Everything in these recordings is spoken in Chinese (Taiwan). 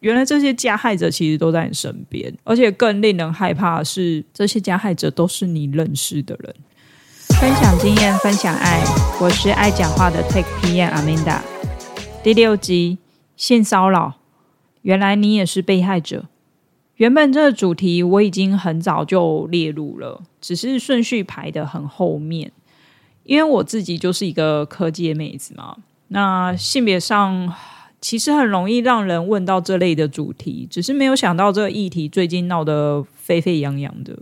原來這些加害者其實都在你身邊，而且更令人害怕的是，這些加害者都是你認識的人。分享經驗，分享愛，我是愛講話的 TechPM Amanda。第六集：性騷擾。原來你也是被害者。原本這個主題我已經很早就列入了，只是順序排得很後面，因為我自己就是一個科技的妹子嘛。那性別上。其實很容易讓人問到這類的主題，只是沒有想到這個議題最近鬧得沸沸揚揚的。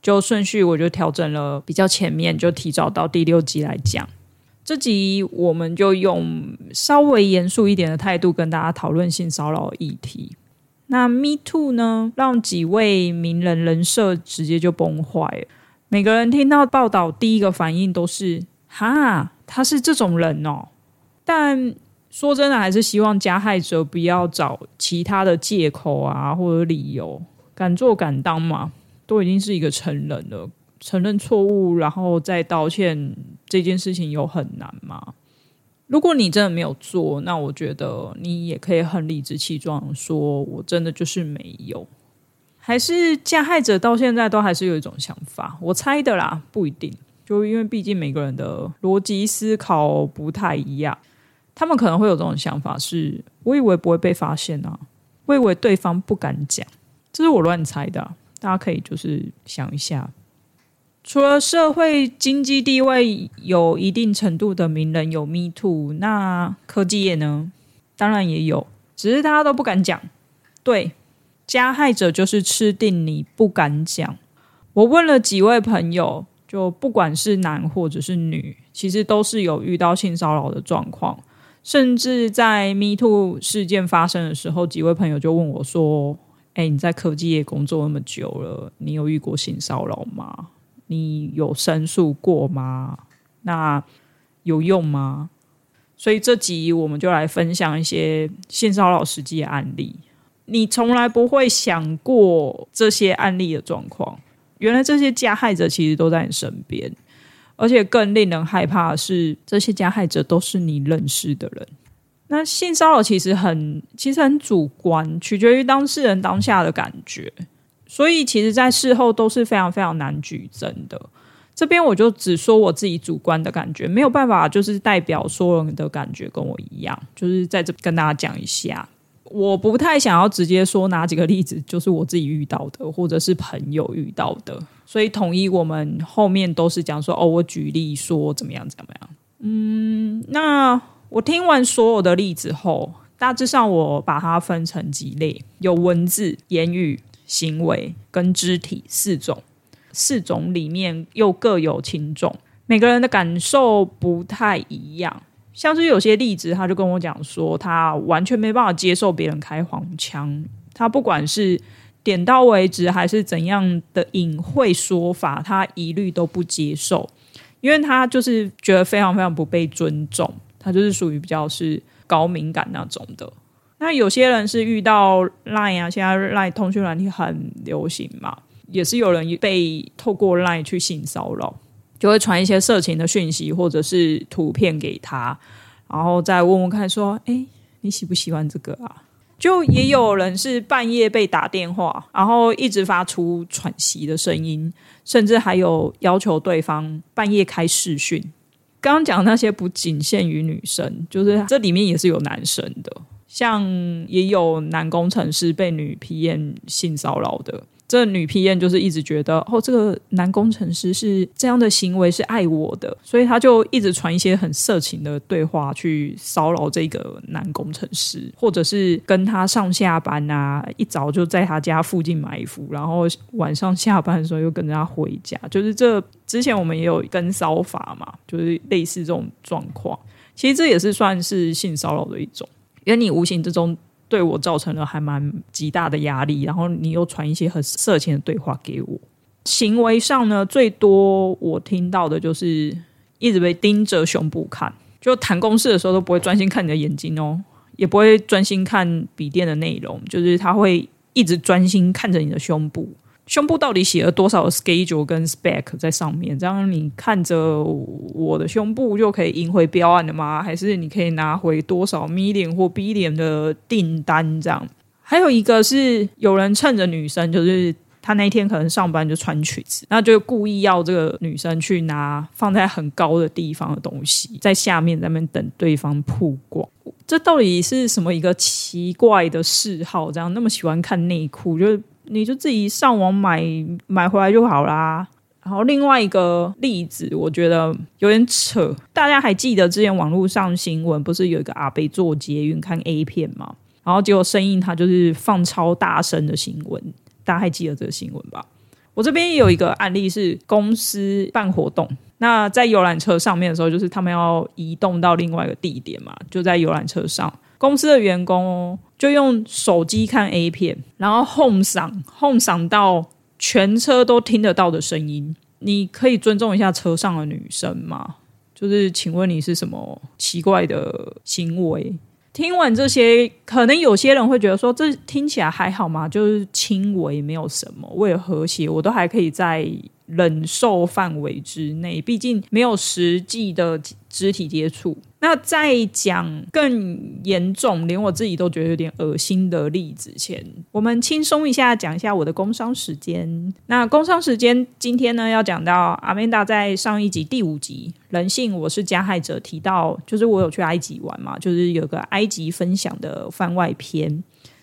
就順序，我就調整了，比較前面就提早到第六集來講。這集我們就用稍微嚴肅一點的態度跟大家討論性騷擾議題。那 Me Too 呢，讓幾位名人人設直接就崩壞。每個人聽到報道，第一個反應都是：哈，他是這種人哦？但說真的，還是希望加害者不要找其他的借口啊，或者理由，敢做敢當嘛，都已經是一個成人了，承認錯誤然後再道歉這件事情有很難嗎？如果你真的沒有做，那我覺得你也可以很理直氣壯說，我真的就是沒有。還是加害者到現在都還是有一種想法，我猜的啦，不一定，就因為畢竟每個人的邏輯思考不太一樣。他們可能會有這種想法是，是我以為不會被發現啊，我以為對方不敢講，這是我亂猜的啊，大家可以就是想一下。除了社會經濟地位有一定程度的名人有 me too，那科技業呢？當然也有，只是大家都不敢講。對，加害者就是吃定你不敢講。我問了幾位朋友，就不管是男或者是女，其實都是有遇到性騷擾的狀況。甚至在 Me Too 事件發生的時候，幾位朋友就問我說：“哎、欸，你在科技業工作那麼久了，你有遇過性騷擾嗎？你有申訴過嗎？那有用嗎？”所以這集我們就來分享一些性騷擾實際的案例。你從來不會想過這些案例的狀況，原來這些加害者其實都在你身邊。而且更令人害怕的是，這些加害者都是你認識的人。那性騷擾其實很，其實很主觀，取決於當事人當下的感覺。所以，其實，在事後都是非常非常難舉證的。這邊我就只說我自己主觀的感覺，沒有辦法就是代表所有人的感覺跟我一樣。就是在這跟大家講一下，我不太想要直接說哪幾個例子，就是我自己遇到的，或者是朋友遇到的。所以，統一我們後面都是講說哦，我舉例說怎麼樣，怎麼樣。嗯，那我聽完所有的例子後，大致上我把它分成幾類，有文字、言語、行為跟肢體四種，四種裡面又各有輕重，每個人的感受不太一樣。像是有些例子，他就跟我講說，他完全沒辦法接受別人開黃腔，他不管是。點到為止還是怎樣的隱晦說法，他一律都不接受，因為他就是覺得非常非常不被尊重，他就是屬於比較是高敏感那種的。那有些人是遇到 Line 啊，現在 Line 通訊軟體很流行嘛，也是有人被透過 Line 去性騷擾，就會傳一些色情的訊息或者是圖片給他，然後再問問看說，哎、欸，你喜不喜歡這個啊？就也有人是半夜被打電話，然後一直發出喘息的聲音，甚至還有要求對方半夜開視訊。剛剛講的那些不僅限於女生，就是這裡面也是有男生的，像也有男工程師被女 PM 性騷擾的。這女 PM 就是一直覺得，哦，這個男工程師是這樣的行為是愛我的，所以他就一直傳一些很色情的對話去騷擾這個男工程師，或者是跟他上下班啊，一早就在他家附近埋伏，然後晚上下班的時候又跟着他回家，就是這之前我們也有跟騷法嘛，就是類似這種狀況，其實這也是算是性騷擾的一種，因為你無形之中。對我造成了還蠻極大的壓力，然後你又傳一些很色情的對話給我。行為上呢，最多我聽到的就是一直被盯着胸部看，就談公事的時候都不會專心看你的眼睛哦，也不會專心看筆電的內容，就是他會一直專心看着你的胸部。胸部到底寫了多少 schedule 跟 spec 在上面？這樣你看着我的胸部就可以贏回標案了嗎？還是你可以拿回多少 million 或 billion 的訂單？這樣，還有一個是有人趁着女生，就是她那一天可能上班就穿裙子，那就故意要這個女生去拿放在很高的地方的東西，在下面在那邊等對方曝光。這到底是什麼一個奇怪的嗜好？這樣那麼喜歡看內褲，就是。你就自己上網買買回來就好啦。然後另外一個例子，我覺得有點扯，大家還記得之前網絡上新聞不是有一個阿伯坐捷運看 A 片嗎？然後結果聲音他就是放超大聲的新聞，大家還記得這個新聞吧？我這邊有一個案例是公司辦活動，那在遊覽車上面的時候，就是他們要移動到另外一個地點嘛，就在遊覽車上，公司的員工哦。就用手機看 A 片，然後轟嗓，轟嗓到全車都聽得到的聲音。你可以尊重一下車上的女生嗎？就是，請問你是什麼奇怪的行為？聽完這些，可能有些人會覺得說，這聽起來還好嗎？就是輕微，沒有什麼，為了和諧，我都還可以在。忍受範圍之內，畢竟沒有實際的肢體接觸。那再講更嚴重，連我自己都覺得有點噁心的例子前，我們輕鬆一下，講一下我的工傷時間。那工傷時間今天呢，要講到阿曼達在上一集第五集《人性我是加害者》提到，就是我有去埃及玩嘛，就是有個埃及分享的番外篇。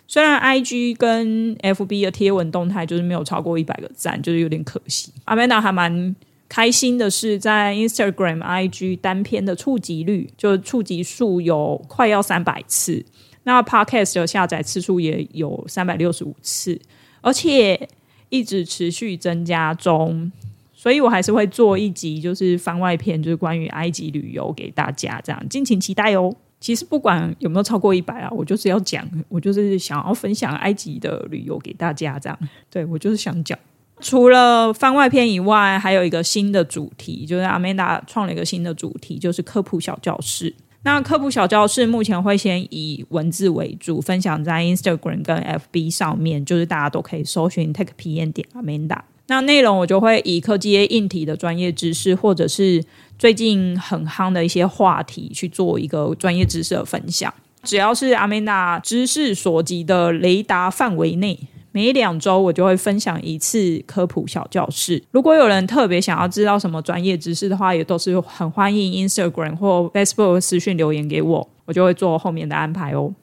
雖然 IG 跟 FB 的貼文動態就是沒有超過一百個讚，就是有點可惜。Amanda 還蠻開心的是，在 Instagram IG 單篇的觸及率，就觸及數有快要三百次，那 Podcast 的下載次數也有三百六十五次，而且一直持續增加中。所以我還是會做一集，就是番外篇，就是關於埃及旅遊給大家，這樣敬請期待哦。其實不管有沒有超過一百啊，我就是要講，我就是想要分享埃及的旅遊給大家這樣。對，我就是想講，除了番外篇以外，還有一個新的主題，就是 Amanda 創了一個新的主題，就是科普小教室。那科普小教室目前會先以文字為主，分享在 Instagram 跟 FB 上面，就是大家都可以搜尋 techpm.amanda。那內容我就會以科技硬體的專業知識或者是，最近很夯的一些話題去做一個專業知識的分享，只要是 Amanda 知識所及的雷達範圍內，每兩周我就會分享一次科普小教室。如果有人特別想要知道什麼專業知識的話，也都是很歡迎 Instagram 或 Facebook 私訊留言給我，我就會做後面的安排哦。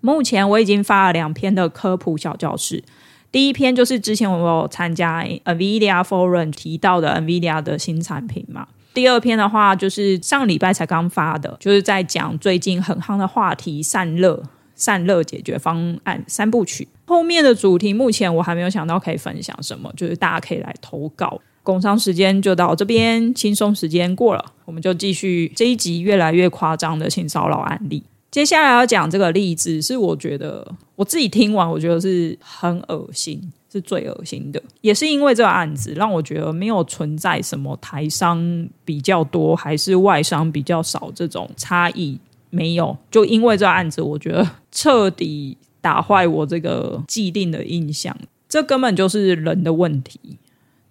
目前我已經發了兩篇的科普小教室，第一篇就是之前我有參加 NVIDIA Forum 提到的 NVIDIA 的新產品嘛。第二篇的話，就是上禮拜才剛發的，就是在講最近很夯的話題——散熱、散熱解決方案三部曲。後面的主題目前我還沒有想到可以分享什麼，就是大家可以來投稿。工商時間就到這邊，輕鬆時間過了，我們就繼續這一集越來越誇張的性騷擾案例。接下來要講這個例子，是我覺得我自己聽完，我覺得是很噁心，是最噁心的。也是因為這個案子，讓我覺得沒有存在什麼台商比較多還是外商比較少這種差異，沒有。就因為這個案子，我覺得徹底打壞我這個既定的印象。這根本就是人的問題，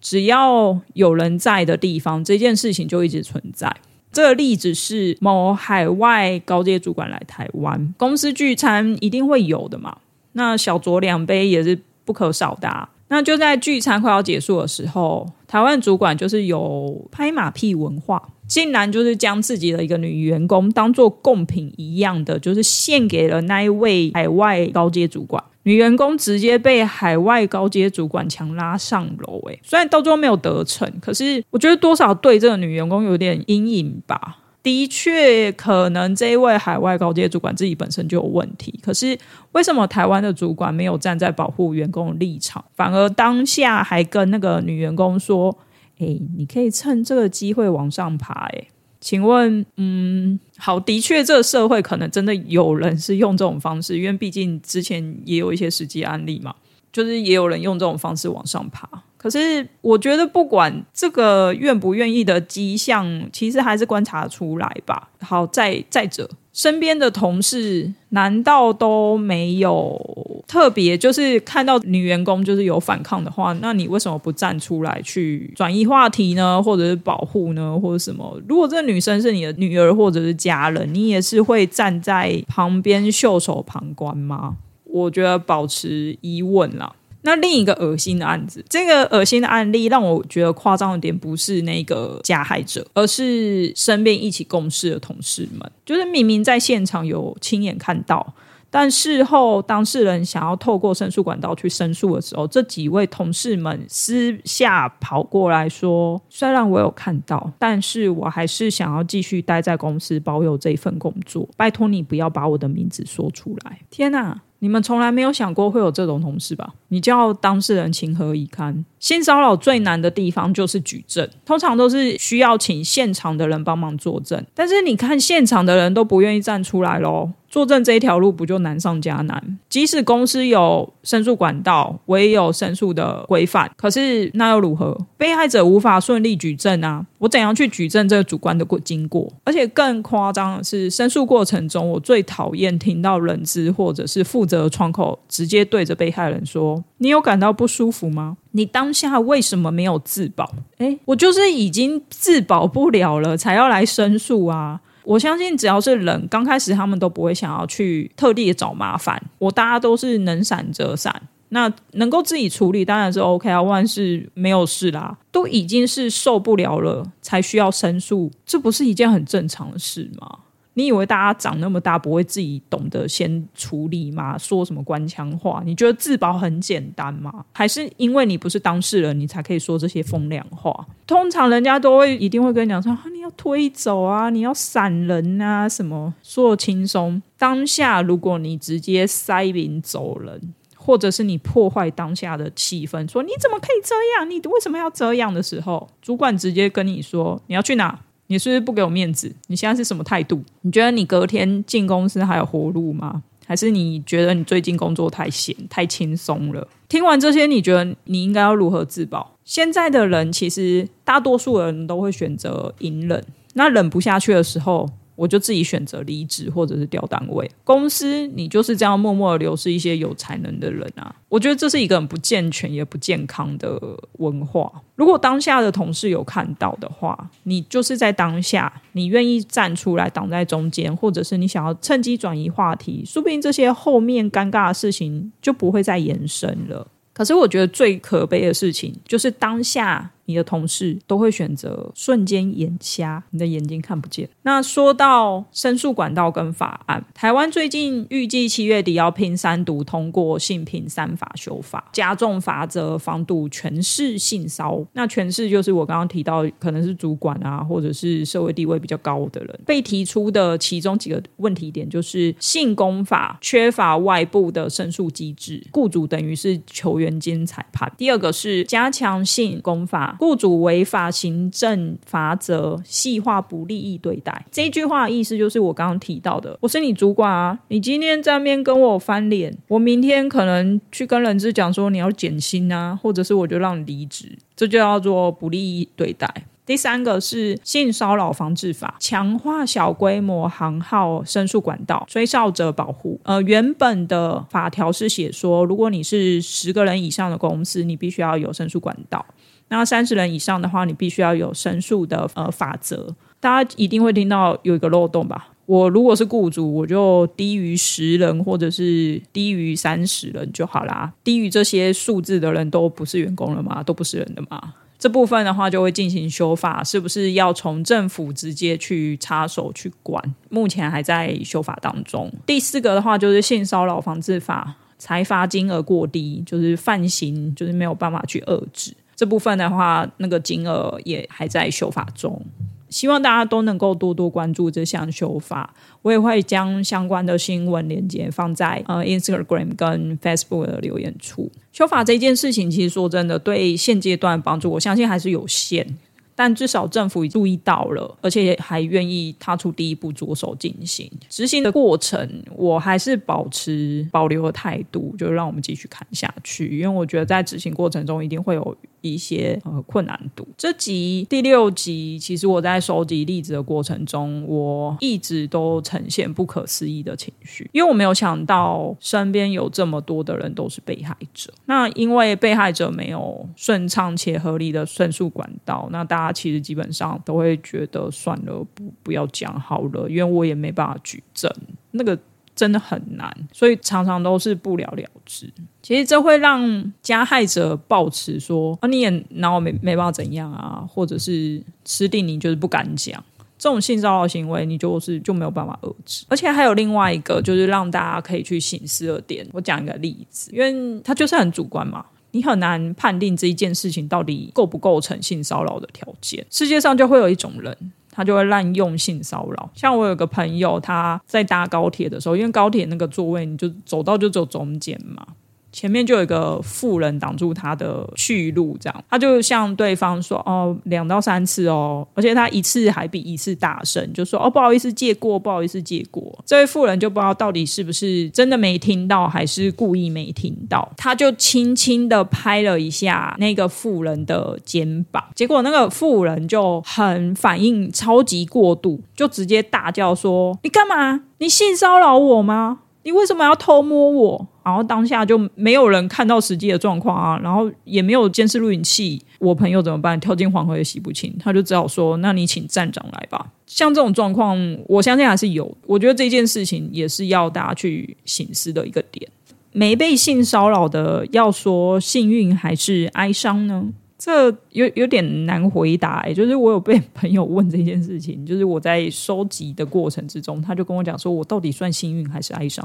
只要有人在的地方，這件事情就一直存在。這個例子是某海外高階主管來台灣公司聚餐，一定會有的嘛。那小酌兩杯也是不可少的。那就在聚餐快要結束的時候，台灣主管就是有拍馬屁文化，竟然就是將自己的一個女員工當做貢品一樣的，就是獻給了那一位海外高階主管。女員工直接被海外高階主管強拉上樓，哎，雖然到最後沒有得逞，可是我覺得多少對這個女員工有點陰影吧。的確，可能這一位海外高階主管自己本身就有問題，可是為什麼台灣的主管沒有站在保護員工的立場，反而當下還跟那個女員工說：“哎，你可以趁這個機會往上爬，哎。”請問，嗯，好，的確，這個社會可能真的有人是用這種方式，因為畢竟之前也有一些實際案例嘛，就是也有人用這種方式往上爬。可是，我覺得不管這個願不願意的跡象，其實還是觀察出來吧。好，再再者。身邊的同事難道都沒有特別？就是看到女員工就是有反抗的話，那你為什麼不站出來去轉移話題呢，或者是保護呢，或者什麼？如果這個女生是你的女兒或者是家人，你也是會站在旁邊袖手旁觀嗎？我覺得保持疑問啦。那另一個惡心的案子，這個惡心的案例讓我覺得誇張一點，不是那個加害者，而是身邊一起共事的同事們。就是明明在現場有親眼看到，但事後當事人想要透過申訴管道去申訴的時候，這幾位同事們私下跑過來說：“雖然我有看到，但是我還是想要繼續待在公司，保有這一份工作。拜托你不要把我的名字說出來。”天哪！你們從來沒有想過會有這種同事吧？你叫當事人情何以堪？性騷擾最難的地方就是舉證，通常都是需要請現場的人幫忙作證，但是你看，現場的人都不願意站出來嘍。作證這一條路不就難上加難？即使公司有申訴管道，我也有申訴的規範，可是那又如何？被害者無法順利舉證啊！我怎樣去舉證這個主觀的過經過？而且更誇張的是，申訴過程中，我最討厭聽到人資或者是負責窗口直接對着被害人說：“你有感到不舒服嗎？你當下為什麼沒有自保？”誒，我就是已經自保不了了，才要來申訴啊！我相信，只要是人，剛開始他們都不會想要去特地的找麻煩。我大家都是能閃則閃，那能夠自己處理當然是 OK 啊，萬事沒有事啦。都已經是受不了了，才需要申訴，這不是一件很正常的事嗎？你以為大家長那麼大不會自己懂得先處理嗎？說什麼官腔話？你覺得自保很簡單嗎？還是因為你不是當事人，你才可以說這些風涼話？通常人家都會一定會跟你講說：啊，你要推走啊，你要閃人啊，什麼說得輕鬆。當下如果你直接塞人走人，或者是你破壞當下的氣氛，說你怎麼可以這樣？你為什麼要這樣的時候，主管直接跟你說：你要去哪？你是不是不給我面子？你現在是什麼態度？你覺得你隔天進公司還有活路嗎？還是你覺得你最近工作太閒太輕鬆了？聽完這些，你覺得你應該要如何自保？現在的人其實大多數的人都會選擇隱忍，那忍不下去的時候。我就自己選擇離職，或者是調單位。公司你就是這樣默默的流失一些有才能的人啊！我覺得這是一個很不健全，也不健康的文化。如果當下的同事有看到的話，你就是在當下，你願意站出來擋在中間，或者是你想要趁機轉移話題，說不定這些後面尷尬的事情就不會再延伸了。可是我覺得最可悲的事情就是當下。你的同事都會選擇瞬間眼瞎，你的眼睛看不見。那說到申訴管道跟法案，台灣最近預計七月底要拼三讀通過性平三法修法，加重罰則防堵權勢性騷擾。那權勢就是我剛剛提到可能是主管啊，或者是社會地位比較高的人。被提出的其中幾個問題點就是性工法缺乏外部的申訴機制，僱主等於是球員兼裁判。第二個是加強性工法。雇主違法行政罰則細化、不利益對待，這一句話的意思就是我剛剛提到的，我是你主管啊，你今天在那邊跟我翻臉，我明天可能去跟人事講說你要減薪啊，或者是我就讓你離職，這就叫做不利益對待。第三個是性騷擾防治法，強化小規模行號申訴管道，追少者保護。呃，原本的法條是寫說，如果你是十個人以上的公司，你必須要有申訴管道。那三十人以上的話，你必須要有申訴的呃法則。大家一定會聽到有一個漏洞吧？我如果是雇主，我就低於十人或者是低於三十人就好啦。低於這些數字的人都不是員工了嗎？都不是人的嗎？這部分的話就會進行修法，是不是要從政府直接去插手去管？目前還在修法當中。第四個的話就是性騷擾防治法，裁罰金額過低，就是犯行就是沒有辦法去遏制。這部分的話，那個金額也還在修法中，希望大家都能夠多多關注這項修法。我也會將相關的新聞連結放在、呃、Instagram 跟 Facebook 的留言處。修法這件事情，其實說真的，對現階段的幫助我相信還是有限，但至少政府已注意到了，而且還願意踏出第一步，着手進行執行的過程。我還是保持保留的態度，就讓我們繼續看下去，因為我覺得在執行過程中一定會有。一些呃困難度。這集第六集，其實我在收集例子的過程中，我一直都呈現不可思議的情緒，因為我沒有想到身邊有這麼多的人都是被害者。那因為被害者沒有順暢且合理的順訴管道，那大家其實基本上都會覺得算了，不不要講好了，因為我也沒辦法舉證那個。真的很難，所以常常都是不了了之。其實這會讓加害者抱持說：“啊，你也拿我沒沒辦法怎樣啊！”或者是吃定你就是不敢講。這種性騷擾行為，你就是就沒有辦法遏止。而且還有另外一個，就是讓大家可以去省思的點。我講一個例子，因為它就是很主觀嘛，你很難判定這一件事情到底構不構成性騷擾的條件。世界上就會有一種人。他就會濫用性騷擾，像我有個朋友，他在搭高鐵的時候，因為高鐵那個座位，你就走到就走中間嘛。前面就有一個婦人擋住他的去路，這樣他就向對方說：“哦，兩到三次哦，而且他一次還比一次大聲，就說：‘哦，不好意思，借過，不好意思，借過。’”這位婦人就不知道到底是不是真的沒聽到，還是故意沒聽到，他就輕輕的拍了一下那個婦人的肩膀，結果那個婦人就很反應超級過度，就直接大叫說：“你幹嘛？你性騷擾我嗎？你為什麼要偷摸我？”然後當下就沒有人看到實際的狀況啊，然後也沒有監視錄影器。我朋友怎麼辦？跳進黃河也洗不清。他就只好說：“那你請站長來吧。”像這種狀況，我相信還是有。我覺得這件事情也是要大家去省思的一個點。沒被性騷擾的，要說幸運還是哀傷呢？這有有點難回答欸。就是我有被朋友問這件事情，就是我在收集的過程之中，他就跟我講說：“我到底算幸運還是哀傷？”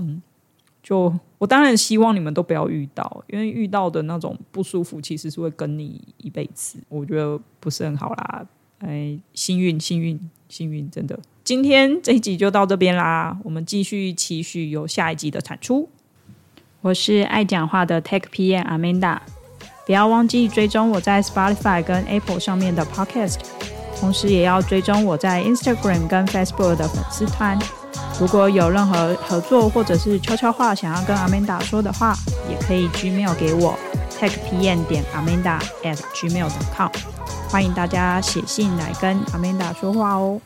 就我當然希望你們都不要遇到，因為遇到的那種不舒服其實是會跟你一輩子，我覺得不是很好啦。哎，幸運，幸運，幸運，真的，今天這一集就到這邊啦，我們繼續期許有下一集的產出。我是愛講話的 TechPM Amanda，不要忘記追蹤我在 Spotify 跟 Apple 上面的 Podcast，同時也要追蹤我在 Instagram 跟 Facebook 的粉絲團。如果有任何合作或者是悄悄話想要跟 Amanda 說的話，也可以 Gmail 給我，techpm 點 amanda at gmail.com，歡迎大家寫信來跟 Amanda 說話哦。